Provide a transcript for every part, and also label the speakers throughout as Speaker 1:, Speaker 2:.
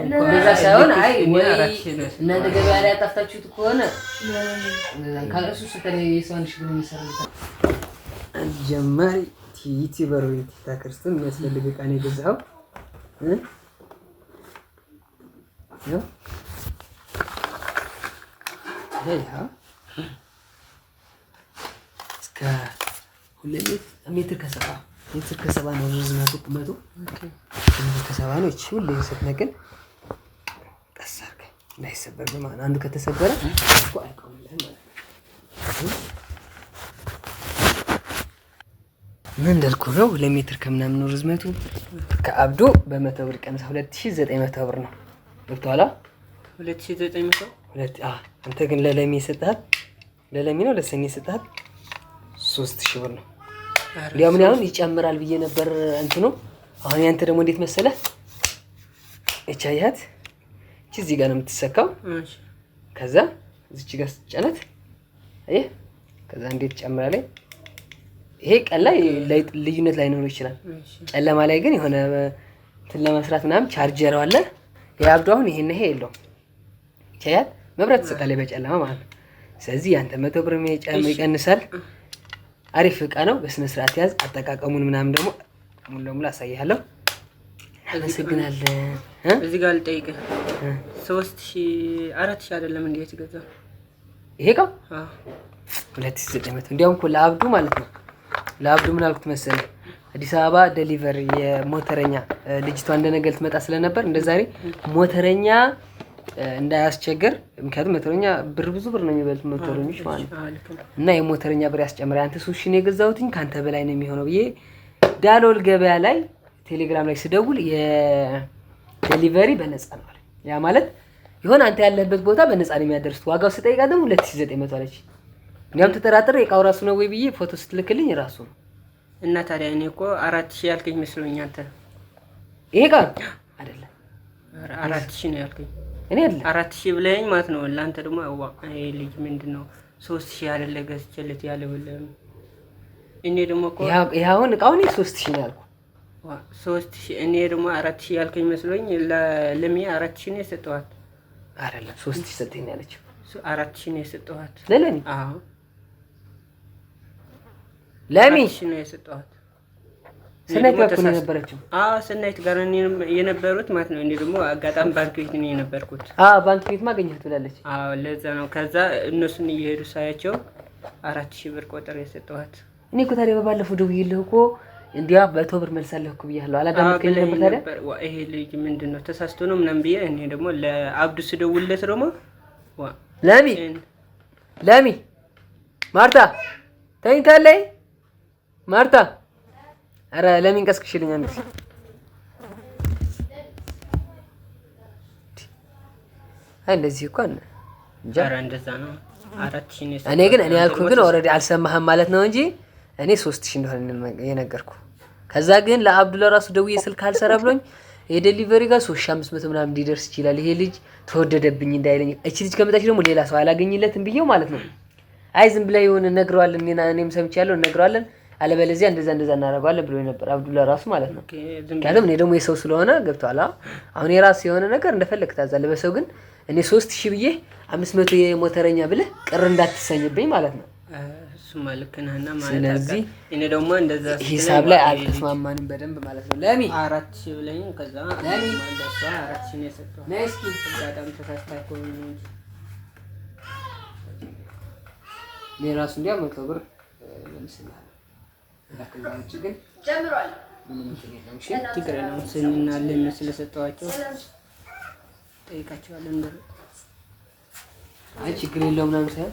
Speaker 1: እንደዛ ሳይሆን አይ ወይ እናንተ ገበያ ላይ አጣፍታችሁት ከሆነ ካልሱ ስተኔ የሰውን ሽግር የሚሰራበት ጀማሪ ቲቲ በሮይ ቲታ ክርስቶን የሚያስፈልግ ዕቃ ነው የገዛኸው። እስከ ሜትር ከሰባ ሜትር ከሰባ ነው ርዝመቱ፣ ቁመቱ ሜትር ከሰባ ነው። ሁሌ ስትነቅል እንዳይሰበር በማን አንዱ ከተሰበረ እኮ አይቆምልህ ማለት ነው። ምን እንዳልኩ ነው። ሁለት ሜትር ከምናምን ርዝመቱ። ከአብዶ በመቶ ብር ቀንሳ ሁለት ሺህ ዘጠኝ መቶ ብር ነው። ገብቶሃል? ሁለት ሺህ ዘጠኝ መቶ አንተ ግን ለለሚ የሰጠሃት ለለሚ ነው ለሰኒ የሰጠሃት ሶስት ሺ ብር ነው። እንዲያውም እኔ አሁን ይጨምራል ብዬ ነበር እንትኑ። አሁን ያንተ ደግሞ እንዴት መሰለህ ይቻያት እቺ እዚህ ጋር ነው የምትሰካው። ከዛ እዚች ጋር ስትጨነት ይህ ከዛ እንዴት ጨምራ ላይ ይሄ ቀን ላይ ልዩነት ላይኖር ይችላል። ጨለማ ላይ ግን የሆነ እንትን ለመስራት ምናምን ቻርጀር አለ። የአብዱ አሁን ይሄን ይሄ የለውም ይቻያል። መብራት ትሰቃለች በጨለማ ማለት ነው። ስለዚህ ያንተ መቶ ብር ይቀንሳል። አሪፍ እቃ ነው። በስነስርዓት ያዝ። አጠቃቀሙን ምናምን ደግሞ ሙሉ ለሙሉ አሳያለሁ። አመሰግናለን። እዚህ ጋር ልጠይቅህ፣ ሶስት ሺህ አራት ሺህ አይደለም እንዴ የተገዛው ይሄ እቃ? ሁለት ሺህ ዘጠኝ መቶ እንዲያውም እኮ ለአብዱ ማለት ነው። ለአብዱ ምን አልኩት መሰለህ አዲስ አበባ ደሊቨር የሞተረኛ ልጅቷ እንደነገር ልትመጣ ስለነበር እንደ ዛሬ ሞተረኛ እንዳያስቸግር ምክንያቱም ሞተረኛ ብር ብዙ ብር ነው የሚበሉት ሞተረኞች ማለት ነው። እና የሞተረኛ ብር ያስጨምራል። አንተ ሶስት የገዛሁትኝ ከአንተ በላይ ነው የሚሆነው ብዬ ዳሎል ገበያ ላይ ቴሌግራም ላይ ስደውል የዴሊቨሪ በነፃ ነው አለ። ያ ማለት የሆነ አንተ ያለበት ቦታ በነፃ ነው የሚያደርሱት። ዋጋው ስጠይቃ ደግሞ ሁለት ሺህ ዘጠኝ መቶ አለች። እንዲያውም ተጠራጥሬ የቃው ራሱ ነው ወይ ብዬ ፎቶ ስትልክልኝ ራሱ ነው። እና ታዲያ እኔ እኮ አራት ሺህ ያልከኝ መስሎኝ አንተ ይሄ ቃ አይደለም አራት ሺህ ነው ያልከኝ እኔ አይደለም አራት ሺህ ብለኸኝ ማለት ነው። ለአንተ ደግሞ ይሄ ልጅ ምንድን ነው ሶስት ሺህ አይደለ ገዝቼለት ያለ ብለህ እኔ ደግሞ እኮ ይሄ አሁን እቃውን ሶስት ሺህ ነው ያልኩህ ሶስት ሺ እኔ ደግሞ አራት ሺ ያልከኝ መስሎኝ ለሚያ አራት ሺ ነው የሰጠኋት። አይደለም ሶስት ሺ ሰጠኝ ያለችው አራት ሺ ነው የሰጠኋት ለለኒ አዎ ለሚ ሺህ ነው የሰጠኋት። ስናይት ጋር ነው የነበረችው። አዎ ስናይት ጋር የነበሩት ማለት ነው። እኔ ደግሞ አጋጣሚ ባንክ ቤት ነው የነበርኩት። አዎ ባንክ ቤት ማገኘት ትላለች። አዎ ለዛ ነው። ከዛ እነሱን እየሄዱ ሳያቸው አራት ሺ ብር ቆጠር የሰጠኋት። እኔ እኮ ታዲያ በባለፈው ደውዬልህ እኮ እንዲያ በቶ ብር መልሳለሁ ብያለሁ። አላዳመጥከኝም ነበር ታዲያ? ይሄ ልጅ ምንድን ነው ተሳስቶ ነው ምናምን ብዬ እኔ ደግሞ ለአብዱ ስደውልለት ደግሞ ለሚ ለሚ ማርታ ተኝታለይ ማርታ፣ ኧረ ለሚን ቀስቅሽልኝ አንድ ጊዜ አይ እንደዚህ እኮ እኔ ግን እኔ ያልኩህ ግን ኦልሬዲ አልሰማህም ማለት ነው እንጂ እኔ ሶስት ሺ እንደሆነ የነገርኩ ከዛ ግን ለአብዱላ ራሱ ደውዬ ስልክ አልሰራ ብሎኝ የደሊቨሪ ጋር ሶስት ሺ አምስት መቶ ምናምን ሊደርስ ይችላል። ይሄ ልጅ ተወደደብኝ እንዳይለኝ እቺ ልጅ ከመጣች ደግሞ ሌላ ሰው አላገኝለትም ብዬው ማለት ነው። አይ ዝም ብላ የሆነ ነግረዋለን፣ እኔም ያለው እነግረዋለን፣ አለበለዚያ እንደዛ እንደዛ እናደርገዋለን ብሎ ነበር አብዱላ ራሱ ማለት ነው። ምክንያቱም እኔ ደግሞ የሰው ስለሆነ ገብተኋላ። አሁን የራሱ የሆነ ነገር እንደፈለግ ታዛለ። በሰው ግን እኔ ሶስት ሺ ብዬ አምስት መቶ የሞተረኛ ብለህ ቅር እንዳትሰኝብኝ ማለት ነው። እሱማ ልክ ነህና ማለት ስለዚህ እኔ ደግሞ እንደዛ ሂሳብ ላይ አልተስማማንም በደንብ ማለት ነው። ለሚ አራት ሺህ ብለኝ ከዛ ለሚ እንደሷ አራት ሺህ ነው የሰጠው። ነስኪ በጣም ተሳስታኮ ነው እኔ ራሱ እንዲያ መቶ ብር ጀምሯል ምንም ስለሰጠዋቸው ጠይቃቸዋለን። ችግር የለውም ምናምን ሳይሆን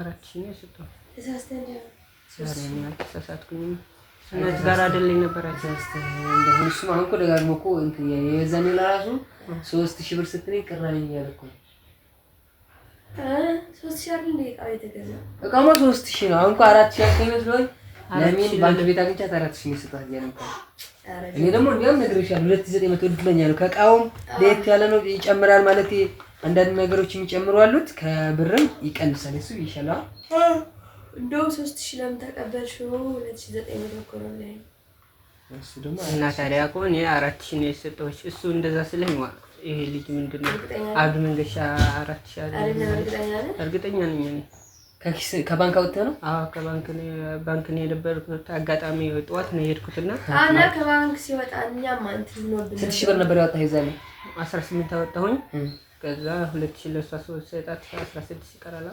Speaker 1: አራት ሺህ ነው የሰጠው። አልተሳሳትኩኝም። እናት ሺህ ብር ስትለኝ ቅር አለኝ እያለ እኮ እቃማ ሶስት ሺህ ነው። አሁን እኮ አራት ሺህ ያልከኝ መስሎኝ ለሚን በአንድ ቤት አግኝቻት አራት ሺህ ነው የሰጠኋት እኔ ደግሞ እንዲያውም ነግሬሻለሁ። ሁለት ዘጠኝ መቶ እድለኛ ነው። ከእቃውም ለየት ያለ ነው ይጨምራል ማለት አንዳንድ ነገሮች የሚጨምሩ አሉት። ከብርም ይቀንሳል። እሱ ይሻላል። እንደው ሶስት ሺህ ለምን ተቀበልሽ? ሁለት ሺህ ዘጠኝ መቶ እኮ ነው ላይ እና ታዲያ እኮ እኔ አራት ሺህ ነው የሰጠሁሽ። እሱ እንደዛ ስለኝ ይሄ ልጅ ምንድን ነው አብድ መንገሻ አራት ሺህ አለ። እርግጠኛ ነኝ እኔ ከባንክ አውጥተህ ነው? አዎ ከባንክ ነው የነበርኩት። አጋጣሚ ጠዋት ነው የሄድኩትና አና ከባንክ ሲወጣ እኛ አንተ ነው ብለህ ስንት ሺህ ብር ነበር ያወጣህ? ይዛለሁ አስራ ስምንት አወጣሁኝ ከዛ ሁለት ሺህ ለእሷ ስሰጣት አስራ ስድስት ይቀራል።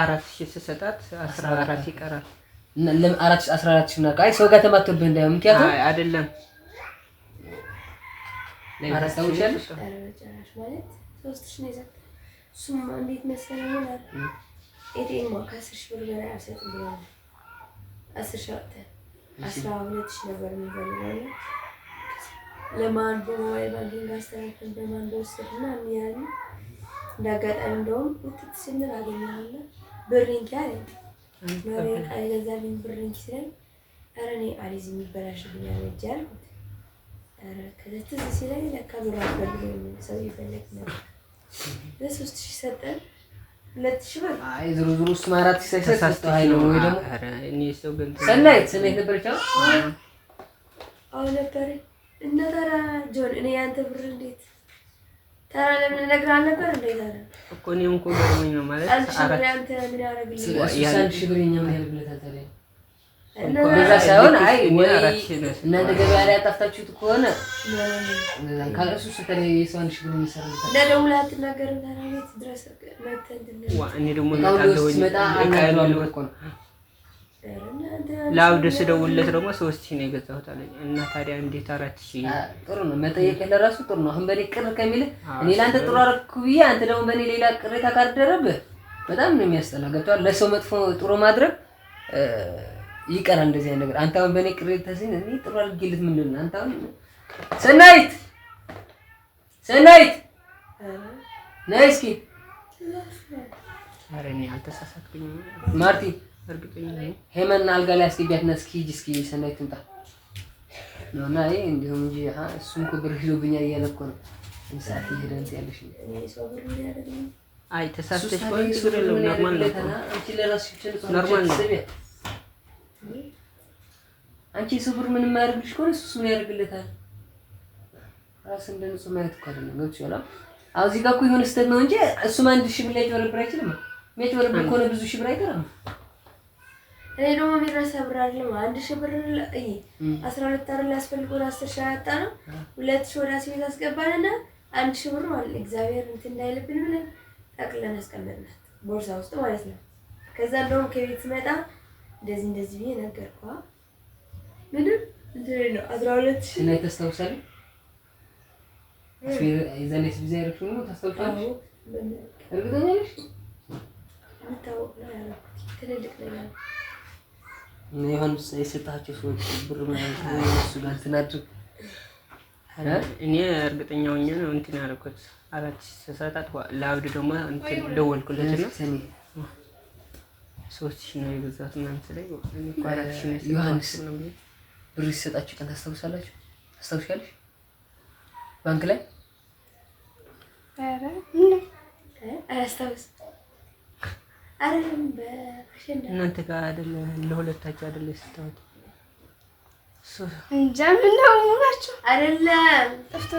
Speaker 1: አራት ሺህ ስሰጣት አስራ አራት ይቀራል። አራት አስራ አራት ሺህ ምናምን አይ ሰው ጋር ተማቶብህ እንዳ ምክንያቱም አይደለም ሁለት ሺህ ነበር የሚበላው ለማንቦ ሞባይል ባንኪንግ አስተካከል በማንቦ ወሰድና ሚያል እንዳጋጣሚ እንደውም ውጥት ስንል አገኘዋለ ብሪንኪ አለ ነው ብሪንኪ ስለ ኧረ እኔ አሊዝ የሚበላሽብኛ አለጅ አልኩት። ሲለኝ ለካ ብር ሰው ይፈለግ ነበር። ሶስት ሺህ ሰጠን ሁለት ሺህ ብር ዞሮ ዞሮ እሱም አራት ሺህ ሳይሰጥ ሰናይት ስሜት ነበረች አሁ ነበረኝ እነ ተራ ጆን እኔ ያንተ ብር እንዴት ተራ ለምን ነገር አልነበር እንዴት አለ እኮ እኔም እኮ ገርሞኝ ነው ማለት አራት ያንተ ምን ያደርግልኝ ያንተ ሽብሪኛ ምን ያደርግልታታለ እንደዛ ሳይሆን እናንተ ገበያ ላይ ያጣፍታችሁት ከሆነ ካልእሱ ስተለይ የሰው ለአብድ ስደውልለት ደግሞ ሶስት ሺህ ነው የገዛሁት አለኝ። እና ታዲያ እንዴት አራት ሺህ ጥሩ ነው መጠየቅ ለራሱ ጥሩ ነው። አሁን በእኔ ቅር ከሚል እኔ ለአንተ ጥሩ አደረኩ ብዬ አንተ ደግሞ በእኔ ሌላ ቅሬታ ካደረብህ በጣም ነው የሚያስጠላ። ገብቶሃል? ለሰው መጥፎ ጥሩ ማድረግ ይቀራል እንደዚህ አይነት ነገር። አንተ አሁን በእኔ ቅሬታ ሲል እኔ ጥሩ አድርጌልህ ምንድን ነው አንተ አሁን ሰናይት ሰናይት ነይ እስኪ ኧረ እኔ አልተሳሳትኩኝም እርግጠኛ ነኝ። ሄመን አልጋ ላይ አስገቢያትና እስኪ ሂጂ እስኪ ሰናይ ትምጣ ነውና አይ እንዲሁም እንጂ እሱም እኮ ብር ይዞብኛል እያለ እኮ ነው። ሰዓት ይሄዳል ያለሽ አይ ተሳስተሽ ቆይ እሱ አይደለም ኖርማል ነው። ኖርማል ነው። አንቺ እሱ ብር ምንም ከሆነ እሱ ምን ያደርግለታል? ራስ እንደ ንጹህ ማየት እኮ አይደለም ነው ይችላል። አሁን እዚህ ጋር እኮ የሆነ ስህተት ነው እንጂ እሱም አንድ ሺህ ብር ሊያጭበረብር አይችልም። የሚያጭበረብር ከሆነ ብዙ ሺህ ብር አይቀርም። እኔ ደግሞ የሚረሳ ብር አይደለም። አንድ ሺህ ብር እይ አስራ ሁለት አር ላስፈልጎን አስር ሺህ ያጣ ነው። ሁለት ሺህ ወደ አስቤዛ አስገባንና አንድ ሺህ ብር ማለት እግዚአብሔር እንትን እንዳይልብን ብለን ጠቅለን አስቀመጥናት ቦርሳ ውስጥ ማለት ነው። ከዛ እንደውም ከቤት ስመጣ እንደዚህ እንደዚህ ብዬ ነገርኳ። ምንም እንትን ነው አስራ ሁለት ሺህ እና ታስታውሳለህ። የዛኔ ስብዛ ያረፍ ነው ታስታውሳለህ። እርግጠኛ ነሽ? የምታወቅ ነው ያደረኩት ትልልቅ ነው የሆን የሰጣቸው ሰዎች ብር እሱ ጋር እኔ እርግጠኛ ሆኜ ነው እንትን ያደረኩት። አራት ለአብድ ደግሞ ደወልኩለት ሶስት ነው ምናምን ስለኝ ዮሐንስ ብር ሲሰጣችሁ ቀን ታስታውሳላችሁ? ታስታውሻለሽ? ባንክ ላይ አያስታውስ እናንተ ጋር አይደለ ለሁለታችሁ አይደለ የሰጠሁት እንጃ ምን ነው ሙላችሁ አይደለም ጠፍቶ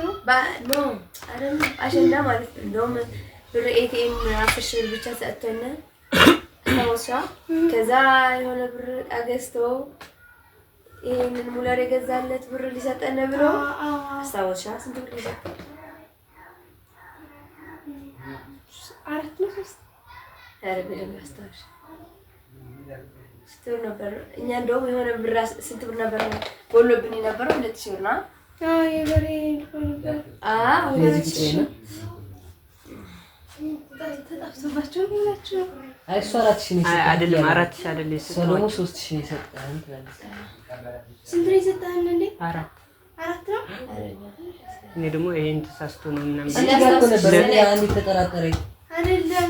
Speaker 1: ነው አይደለም አሸንዳ ማለት ነው ብር ኤቲኤም አፍሽ ብቻ ሰጥተን ታውሳ ከዛ የሆነ ብር አገዝቶ ይሄንን ሙለር የገዛለት ብር ሊሰጠን ብሎ ስንት ብር ይዛ አራት ነው ሶስት ስትብር ነበር። እኛ እንደውም የሆነ ብር ስንት ብር ነበር ጎሎብን የነበረው ሁለት ሺህ ብር ነው። ደግሞ ይሄን ተሳስቶ ነው ምናምን ተጠራጠረኝ አይደለም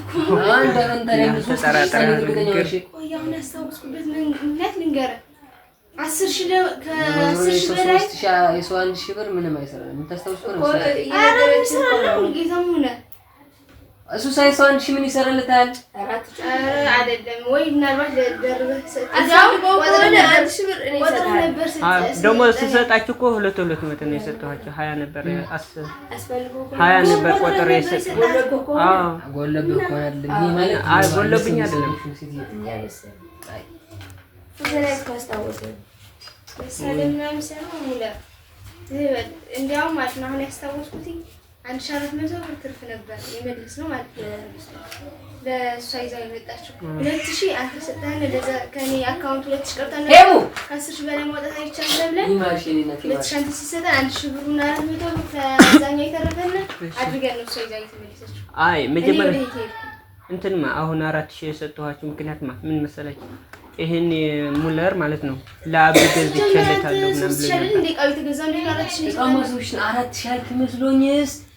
Speaker 1: ያልተጠራጠረ ንግግር አስር ሺህ በላይ የሰው አንድ ሺህ ብር ምንም አይሰራም። የምታስታውስ እሱ ሳይንስ አንድ ሺህ ምን ይሰራልታል? አራት አይደለም ወይ ደግሞ ስሰጣችሁ እኮ ሁለት ሁለት መቶ ነው የሰጠኋቸው። ሀያ ነበር ሀያ ነበር ቆጥሬ የሰጠሁት። ጎለብኝ አይደለም እንዲያውም አሁን ያስታወስኩት አንድ ሺህ አራት መቶ ብር ትርፍ ነበር የመድረስ ነው ማለት ለእሷ ይዛ የመጣችው ሁለት ሺህ አንተ ሰጠኸን። ለዛ ከኔ አካውንት ሁለት ሺህ ቀርታ ከአስር ሺህ በላይ ማውጣት አይቻልም ብለን ሁለት ሺህ አንተ ሲሰጠን አንድ ሺህ ብሩን አራት መቶ ብር ከዛኛው የተረፈን አድርገን ነው እሷ ይዛ የተመለሰችው። አይ መጀመሪያ እንትንማ አሁን አራት ሺህ የሰጠኋችሁ ምክንያትማ ምን መሰላችሁ? ይህን ሙለር ማለት ነው ለአብ ገዝቼለታለሁ ምናምን ብሎ ነበር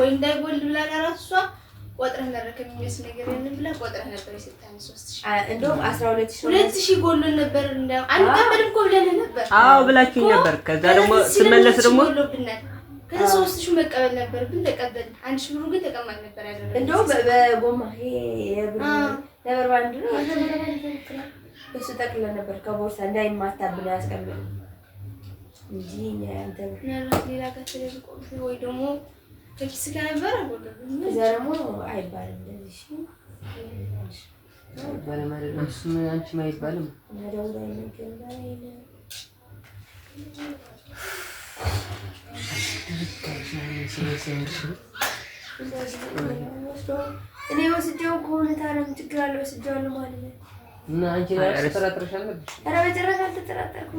Speaker 1: ወይ እንዳይጎል ብላ ለራሷ ቆጥረህ ነበር ከሚመስ ነገር ያንን ብላ ቆጥረህ ነበር የሰጠኸኝ ሦስት ሺህ እንደውም አስራ ሁለት ሺህ ሁለት ሺህ ጎሎ ነበር። እንደው አንቀበልም እኮ ብለንህ ነበር። አዎ ብላችሁኝ ነበር። ከዛ ደግሞ ስመለስ ደግሞ ከዛ ሦስት ሺህ መቀበል ነበር ግን ተቀበል አንድ ሺህ ብሩ ግን ተቀማጭ ነበር ያደረገው። እንደውም በጎማ የብር ነበር ባንድ ነው እሱ ጠቅለ ነበር ከቦርሳ እንዳይማታብን ያስቀምጥ እንጂ ሌላ ከስለ ወይ ደግሞ በኪስ ጋር አይባልም። አይባልም እኔ ወስደው ከሆነ ታዲያ ምን ችግር አለ? ወስደዋለሁ ማለት ነው እና አንቺ ተጠራጥረሻል ኧረ በጭራሽ አልተጠራጠርኩም።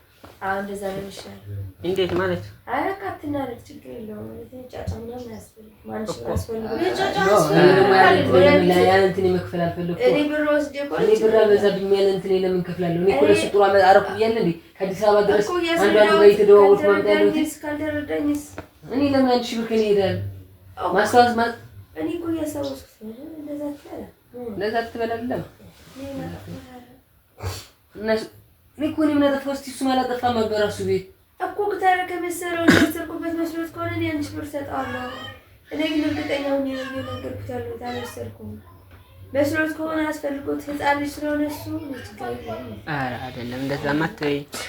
Speaker 1: እንዴት ማለት ያንንትን መክፈል አልፈለኩም። ብር አልበዛብኝ ያለ እንትን ለምን እከፍላለሁ? እኔ እኮ ጥሩ አረኩ ብያለሁ እንደ ከአዲስ አበባ ድረስ አንዷን ጋር የተደዋወልኩ እኔ ለምን አንድ ሺህ ብር ከእኔ እሄዳለሁ ማስታወስ ማለት እኔ እኮ እያስታወስኩት እንደዛ ትበላለህ እና እኔ እኮ እኔ ምን አጠፋሁ? እስኪ እሱም አላጠፋም ነበር። እራሱ ቤት እኮ ግታረ ከመሰለው የሰርኩበት መስሎት ከሆነ እኔ አንድ ሺህ ብር እሰጠዋለሁ። እኔ ግን እርግጠኛ ሆኜ ነው እየነገርኩት ያለሁት፣ አልወሰድኩም። መስሎት ከሆነ አስፈልጎት ህፃን ልጅ ስለሆነ እሱ ችግር የለም። አይደለም እንደዛማ አትበይ